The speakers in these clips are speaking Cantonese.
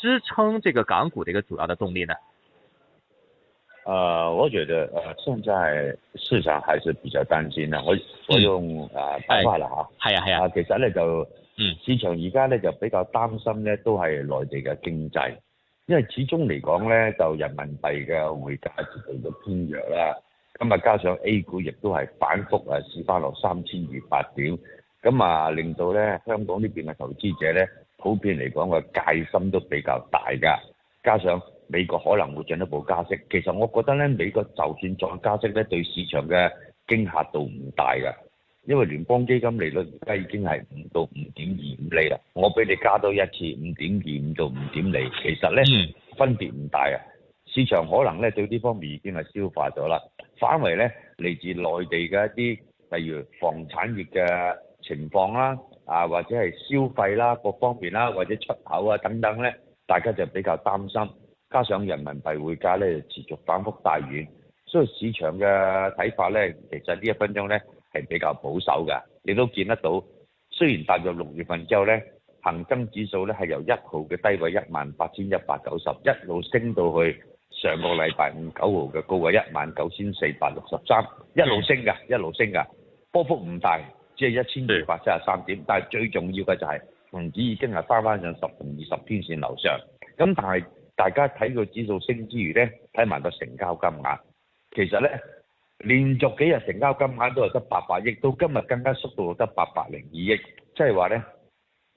支撐這個港股的一個主要的動力呢、呃？我覺得，呃，現在市場還是比較擔心啦。我、嗯、我用誒白話啦，吓，係啊係啊。其實咧就，嗯，市場而家咧就比較擔心咧，都係內地嘅經濟，因為始終嚟講咧就人民幣嘅匯價值對咗偏弱啦。咁啊，加上 A 股亦都係反復誒試翻落三千二百點，咁啊令到咧香港呢邊嘅投資者咧。普遍嚟講個戒心都比較大噶，加上美國可能會進一步加息。其實我覺得咧，美國就算再加息咧，對市場嘅驚嚇度唔大噶，因為聯邦基金利率而家已經係五到五點二五釐啦。我俾你加多一次五點二五到五點釐，其實咧分別唔大啊。市場可能咧對呢方面已經係消化咗啦。反為咧嚟自內地嘅一啲，例如房產業嘅情況啦、啊。啊，或者係消費啦，各方面啦，或者出口啊等等呢，大家就比較擔心。加上人民幣匯價呢持續反覆大軟，所以市場嘅睇法呢，其實呢一分鐘呢，係比較保守嘅。你都見得到，雖然踏入六月份之後呢，恒生指數呢，係由一號嘅低位一萬八千一百九十一路升到去上個禮拜五九號嘅高位 19, 3, 一萬九千四百六十三，一路升㗎，一路升㗎，波幅唔大。即係一千對二百七十三點，但係最重要嘅就係、是，恒、嗯、指已經係翻翻上十同二十天線樓上。咁但係大家睇個指數升之餘咧，睇埋個成交金額，其實咧連續幾日成交金額都係得八百億，到今日更加縮到落得八百零二億，即係話咧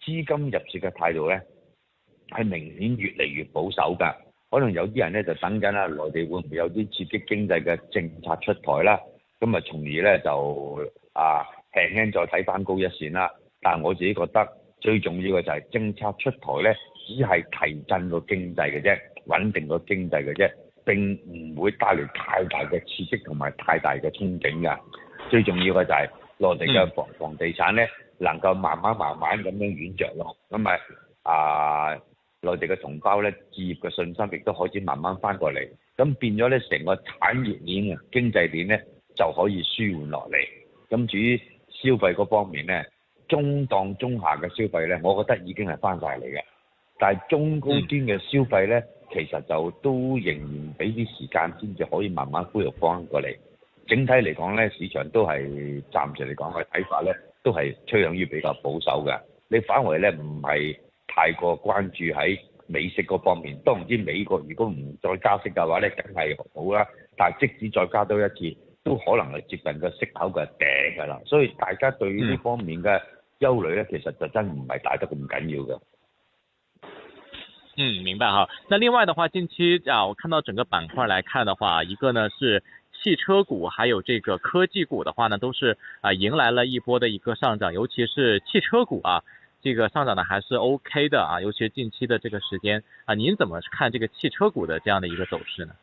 資金入市嘅態度咧係明顯越嚟越保守㗎。可能有啲人咧就等緊啊，內地會唔會有啲刺激經濟嘅政策出台啦？咁啊，從而咧就啊～輕再睇翻高一線啦，但係我自己覺得最重要嘅就係政策出台呢，只係提振個經濟嘅啫，穩定個經濟嘅啫，並唔會帶嚟太大嘅刺激同埋太大嘅憧憬㗎。最重要嘅就係內地嘅房、嗯、房地產呢，能夠慢慢慢慢咁樣軟着落，咁咪啊內地嘅同胞呢置業嘅信心亦都可以慢慢翻過嚟，咁變咗呢成個產業鏈啊經濟鏈呢，就可以舒緩落嚟。咁至於消費嗰方面咧，中檔中下嘅消費咧，我覺得已經係翻晒嚟嘅。但係中高端嘅消費咧，嗯、其實就都仍然俾啲時間先至可以慢慢恢復翻過嚟。整體嚟講咧，市場都係暫時嚟講嘅睇法咧，都係趨向於比較保守嘅。你反為咧唔係太過關注喺美息嗰方面。都唔知美國如果唔再加息嘅話咧，梗係好啦。但係即使再加多一次，都可能係接近個息口嘅頂㗎啦，所以大家對呢方面嘅憂慮呢，其實就真唔係大得咁緊要嘅。嗯，明白哈。那另外的話，近期啊，我看到整個板塊來看的話，一個呢是汽車股，還有這個科技股的話呢，都是啊，迎來了一波嘅一個上漲，尤其是汽車股啊，這個上漲呢還是 OK 的啊，尤其是近期的這個時間啊，您怎麼看這個汽車股的這樣的一個走勢呢？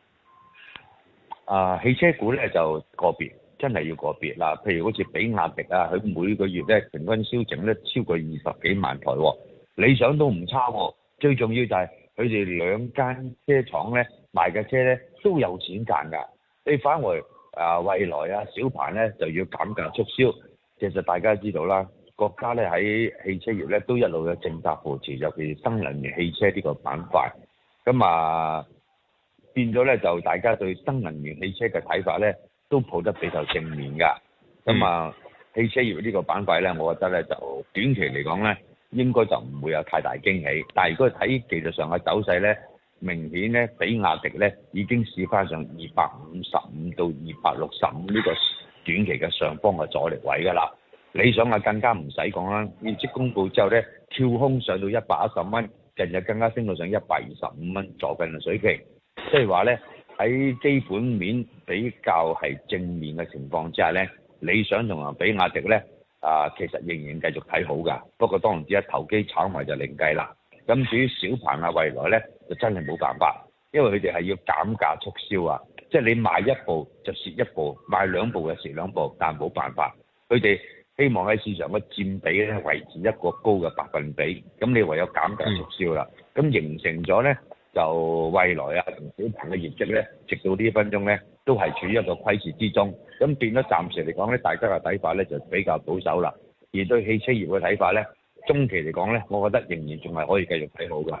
啊，汽車股咧就個別，真係要個別啦。譬如好似比亞迪啊，佢每個月咧平均銷整咧超過二十幾萬台喎、哦，理想都唔差喎、哦。最重要就係佢哋兩間車廠咧賣嘅車咧都有錢賺㗎。你返回啊，蔚來啊，小鵬咧就要減價促銷。其實大家知道啦，國家咧喺汽車業咧都一路有政策扶持，尤其是新能源汽車呢個板塊。咁、嗯、啊～變咗咧，就大家對新能源汽車嘅睇法咧，都抱得比較正面噶。咁啊，汽車業呢個板塊咧，我覺得咧就短期嚟講咧，應該就唔會有太大驚喜。但係如果睇技術上嘅走勢咧，明顯咧比亞迪咧已經試翻上二百五十五到二百六十五呢個短期嘅上方嘅阻力位㗎啦。理想啊，更加唔使講啦，業績公布之後咧，跳空上到一百一十蚊，近日更加升到上一百二十五蚊坐近水平。即係話呢，喺基本面比較係正面嘅情況之下呢，理想同啊比亞迪呢，啊其實仍然繼續睇好㗎。不過當然之啊，投機炒賣就另計啦。咁至於小鵬啊，未來呢，就真係冇辦法，因為佢哋係要減價促銷啊。即係你賣一部就蝕一部，賣兩部就蝕兩部，但係冇辦法。佢哋希望喺市場嘅佔比呢，維持一個高嘅百分比，咁你唯有減價促銷啦。咁形成咗呢。就未來啊，同小鵬嘅業績咧，直到呢一分鐘咧，都係處於一個虧蝕之中。咁變咗暫時嚟講咧，大家嘅睇法咧就比較保守啦。而對汽車業嘅睇法咧，中期嚟講咧，我覺得仍然仲係可以繼續睇好㗎。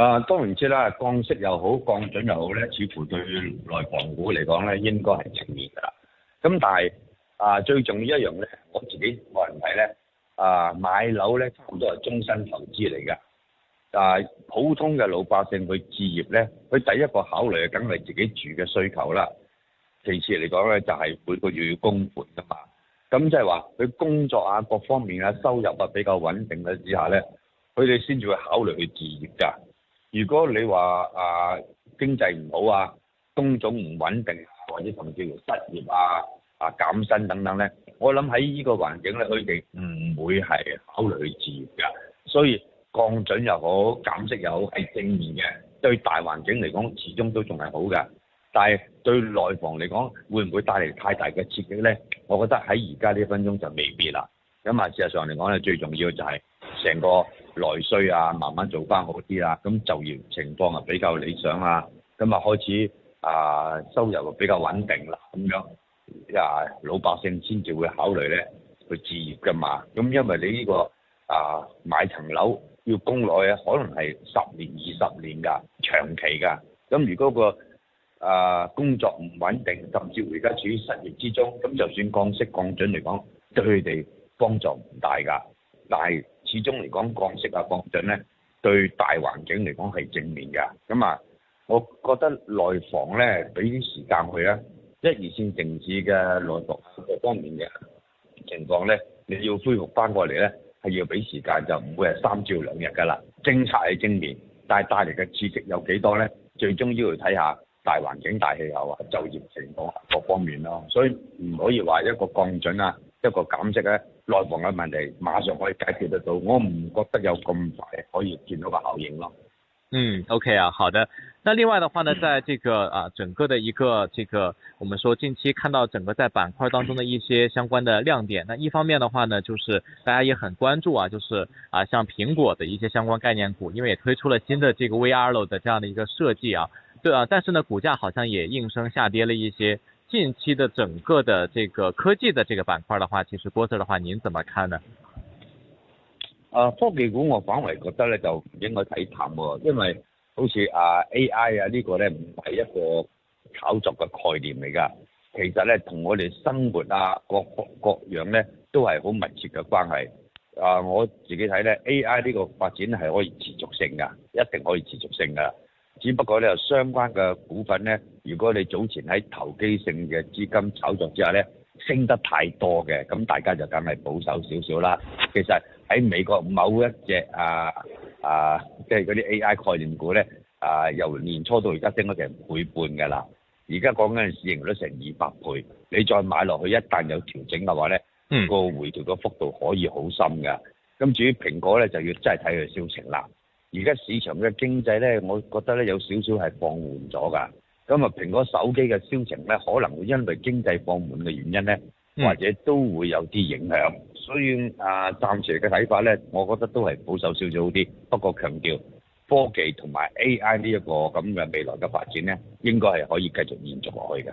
啊，當然知啦，降息又好，降準又好咧，似乎對內房股嚟講咧，應該係正面噶啦。咁但係啊，最重要的一樣咧，我自己個人睇咧，啊買樓咧，差唔多係終身投資嚟噶。啊，普通嘅老百姓去置業咧，佢第一個考慮梗係自己住嘅需求啦。其次嚟講咧，就係每個月要供款噶嘛。咁即係話佢工作啊，各方面啊，收入啊比較穩定嘅之下咧，佢哋先至會考慮去置業㗎。如果你話啊，經濟唔好，啊工種唔穩定，或者甚至乎失業啊，啊減薪等等咧，我諗喺呢個環境咧，佢哋唔會係考慮去置業㗎。所以降準又好，減息又好，係正面嘅，對大環境嚟講，始終都仲係好嘅。但係對內房嚟講，會唔會帶嚟太大嘅刺激咧？我覺得喺而家呢分鐘就未必啦。咁啊，事實上嚟講咧，最重要就係成個。內需啊，慢慢做翻好啲啦、啊。咁就業情況啊比較理想啊，咁啊開始啊收入比較穩定啦，咁樣啊老百姓先至會考慮咧去置業㗎嘛。咁因為你呢、這個啊買層樓要供耐，可能係十年二十年㗎，長期㗎。咁如果、那個啊工作唔穩定，甚至而家處於失業之中，咁就算降息降準嚟講，對佢哋幫助唔大㗎。但係，始終嚟講，降息啊降準咧，對大環境嚟講係正面嘅。咁啊，我覺得內房咧，俾啲時間佢啊，一二線城市嘅內房各方面嘅情況咧，你要恢復翻過嚟咧，係要俾時間，就唔會係三朝兩日噶啦。政策係正面，但係帶嚟嘅刺激有幾多咧？最終要去睇下大環境、大氣候啊，就業情況各方面咯。所以唔可以話一個降準啊，一個減息咧。內房嘅問題馬上可以解決得到，我唔覺得有咁快可以見到個效應咯、嗯。嗯，OK 啊，好的。那另外的話呢，在這個啊整個的一個這個，我們說近期看到整個在板塊當中的一些相關的亮點。那一方面的話呢，就是大家也很關注啊，就是啊像蘋果的一些相關概念股，因為也推出了新的這個 VR 咯的這樣的一個設計啊。對啊，但是呢，股價好像也應聲下跌了一些。近期的整個的這個科技的這個板塊的話，其實波子的話，您怎麼看呢？啊，科技股我反為覺得咧就唔應該睇淡喎，因為好似啊 AI 啊這個呢個咧唔係一個炒作嘅概念嚟噶，其實咧同我哋生活啊各各各樣咧都係好密切嘅關係。啊，我自己睇咧 AI 呢個發展係可以持續性噶，一定可以持續性噶。只不過咧，相關嘅股份咧，如果你早前喺投機性嘅資金炒作之下咧，升得太多嘅，咁大家就梗係保守少少啦。其實喺美國某一隻啊啊，即係嗰啲 AI 概念股咧，啊由年初到而家升咗成倍半嘅啦，而家講緊市盈率成二百倍，你再買落去，一旦有調整嘅話咧，個、嗯、回調嘅幅度可以好深㗎。咁至於蘋果咧，就要真係睇佢銷情啦。而家市場嘅經濟咧，我覺得咧，有少少係放緩咗噶，咁啊蘋果手機嘅銷情咧，可能會因為經濟放緩嘅原因咧，或者都會有啲影響，所以啊暫時嘅睇法咧，我覺得都係保守少少好啲，不過強調科技同埋 AI 呢一個咁嘅未來嘅發展咧，應該係可以繼續延續落去嘅。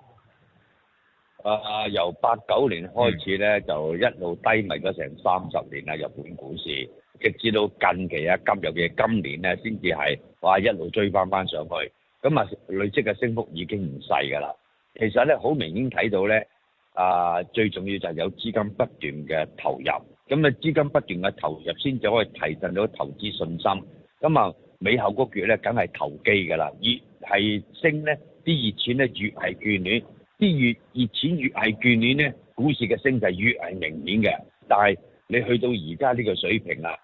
啊、呃！由八九年開始咧，嗯、就一路低迷咗成三十年啦，日本股市，直至到近期啊，今日嘅今年咧，先至係哇一路追翻翻上去，咁、嗯、啊累積嘅升幅已經唔細噶啦。其實咧，好明顯睇到咧，啊、呃、最重要就係有資金不斷嘅投入，咁啊資金不斷嘅投入先至可以提振到投資信心。咁啊尾後嗰月咧，梗係投機噶啦，越係升咧啲熱錢咧越係眷戀。啲越熱錢越係眷戀咧，股市嘅升勢越係明顯嘅。但係你去到而家呢個水平啦，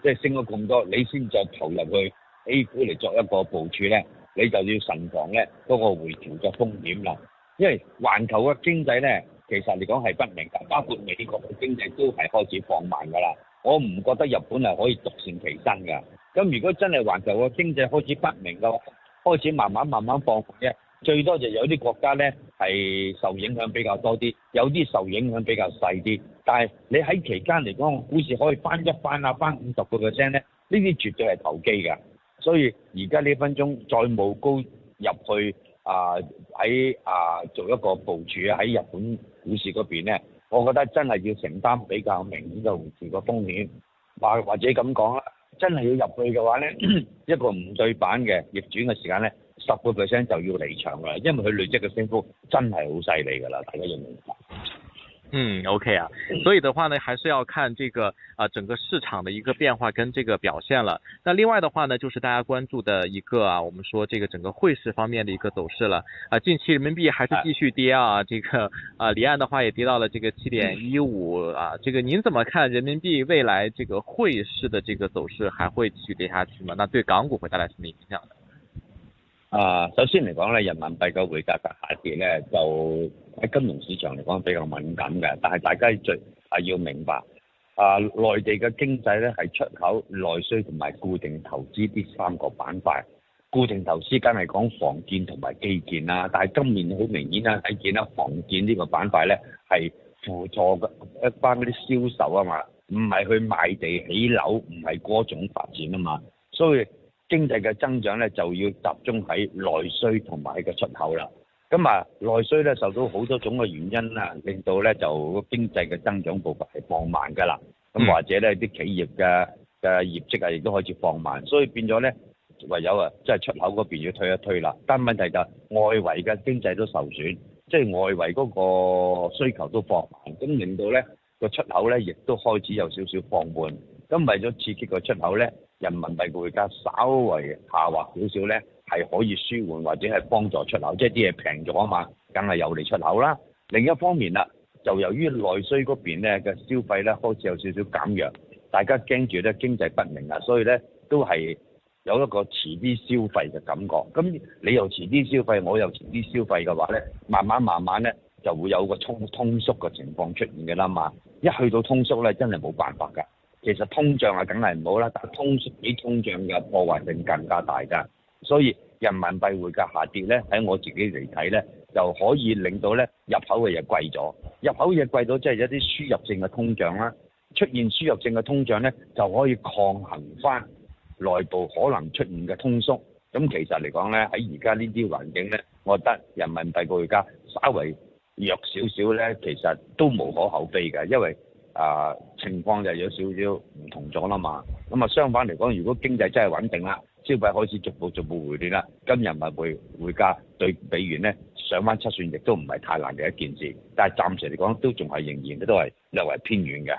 即係升咗咁多，你先再投入去 A 股嚟作一個部署咧，你就要慎防咧嗰個回調嘅風險啦。因為環球嘅經濟咧，其實嚟講係不明確，包括美國嘅經濟都係開始放慢噶啦。我唔覺得日本係可以獨善其身㗎。咁如果真係環球嘅經濟開始不明嘅話，開始慢慢慢慢放緩嘅。最多就有啲國家呢係受影響比較多啲，有啲受影響比較細啲。但係你喺期間嚟講，股市可以翻一翻啊，翻五十個 percent 呢，呢啲絕對係投機㗎。所以而家呢分鐘再冇高入去啊，喺啊做一個部署喺日本股市嗰邊呢，我覺得真係要承擔比較明顯嘅紅字個風險，或或者咁講啦，真係要入去嘅話呢， 一個唔對版嘅逆轉嘅時間呢。十個 percent 就要離場啦，因為佢累積嘅升幅真係好犀利噶啦，大家認唔認同？嗯，OK 啊，所以的話呢，還是要看這個啊，整個市場的一個變化跟這個表現了。那另外的話呢，就是大家關注的一個啊，我們說這個整個匯市方面的一個走勢了啊，近期人民幣還是繼續跌啊，是的 啊這個啊離岸的話也跌到了這個七點一五啊，這個您怎麼看人民幣未來這個匯市的這個走勢還會繼續跌下去嗎？那對港股會帶來什麼影響呢？啊，首先嚟講咧，人民幣嘅匯價嘅下跌咧，就喺金融市場嚟講比較敏感嘅。但係大家最係、啊、要明白，啊，內地嘅經濟咧係出口、內需同埋固定投資啲三個板塊。固定投資梗係講房建同埋基建啦。但係今年好明顯啦，喺建啦，房建呢個板塊咧係輔助一班嗰啲銷售啊嘛，唔係去買地起樓，唔係嗰種發展啊嘛，所以，經濟嘅增長咧就要集中喺內需同埋喺個出口啦。咁啊，內需咧受到好多種嘅原因啦、啊，令到咧就個經濟嘅增長步伐係放慢㗎啦。咁或者咧啲企業嘅嘅業績啊，亦都開始放慢。所以變咗咧，唯有啊，即係出口嗰邊要退一退啦。但係問題就係外圍嘅經濟都受損，即、就、係、是、外圍嗰個需求都放慢，咁令到咧個出口咧亦都開始有少少放緩。咁為咗刺激個出口咧。人民幣匯價稍微下滑少少呢，係可以舒緩或者係幫助出口，即係啲嘢平咗啊嘛，梗係有利出口啦。另一方面啦，就由於內需嗰邊呢嘅消費呢開始有少少減弱，大家驚住呢經濟不明啊，所以呢都係有一個遲啲消費嘅感覺。咁你又遲啲消費，我又遲啲消費嘅話呢，慢慢慢慢呢就會有個通通縮嘅情況出現嘅啦嘛。一去到通縮呢，真係冇辦法㗎。其實通脹啊，梗係唔好啦，但係通縮比通脹嘅破壞性更加大㗎，所以人民幣匯價的下跌咧，喺我自己嚟睇咧，就可以令到咧入口嘅嘢貴咗，入口嘅嘢貴咗即係一啲輸入性嘅通脹啦，出現輸入性嘅通脹咧就可以抗衡翻內部可能出現嘅通縮，咁其實嚟講咧喺而家呢啲環境咧，我覺得人民幣個匯價稍微弱少少咧，其實都無可厚非㗎，因為。啊、呃，情況就有少少唔同咗啦嘛。咁啊，相反嚟講，如果經濟真係穩定啦，消費開始逐步逐步回暖啦，人民幣匯價對美元呢，上返七算亦都唔係太難嘅一件事。但係暫時嚟講，都仲係仍然都係略為偏遠嘅。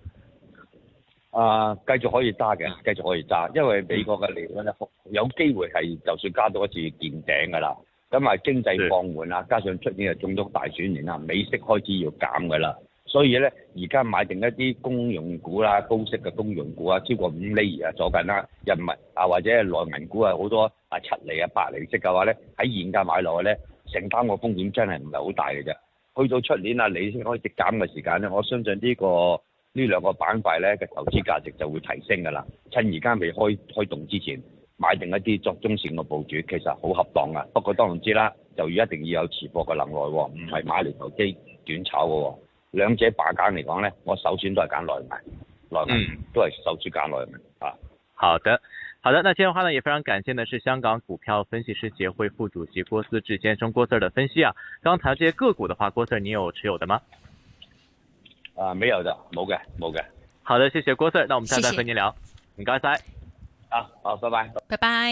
啊，繼續可以揸嘅，繼續可以揸，因為美國嘅利率呢有機會係就算加到一次見頂㗎啦。咁啊，經濟放緩啦，的加上出年又中咗大選年啦，美息開始要減㗎啦。所以咧，而家買定一啲公用股啦、高息嘅公用股啊，超過五厘啊左近啦，人民啊或者內銀股啊好多啊七厘啊八厘息嘅話咧，喺現價買落去咧，承擔個風險真係唔係好大嘅啫。去到出年啊，你先開始減嘅時間咧，我相信呢、呢個。呢兩個板塊呢，嘅投資價值就會提升㗎啦，趁而家未開開動之前買定一啲作中性嘅部署，其實好恰當啊。不過當然知啦，就要一定要有持貨嘅能耐喎、哦，唔係買嚟投機短炒嘅喎、哦。兩者把揀嚟講呢，我首選都係揀內賣，內賣，嗯、都係首選揀內賣啊。好的，好的，那今日話呢，也非常感謝呢，是香港股票分析師協會副主席郭思治先生郭 Sir 的分析啊。剛才這些個股的話，郭 Sir 你有持有的嗎？啊、呃，沒有的，冇嘅，冇嘅。好的，謝謝郭 Sir，那我們下次再同您聊，唔該晒。啊謝，好，拜拜，拜拜。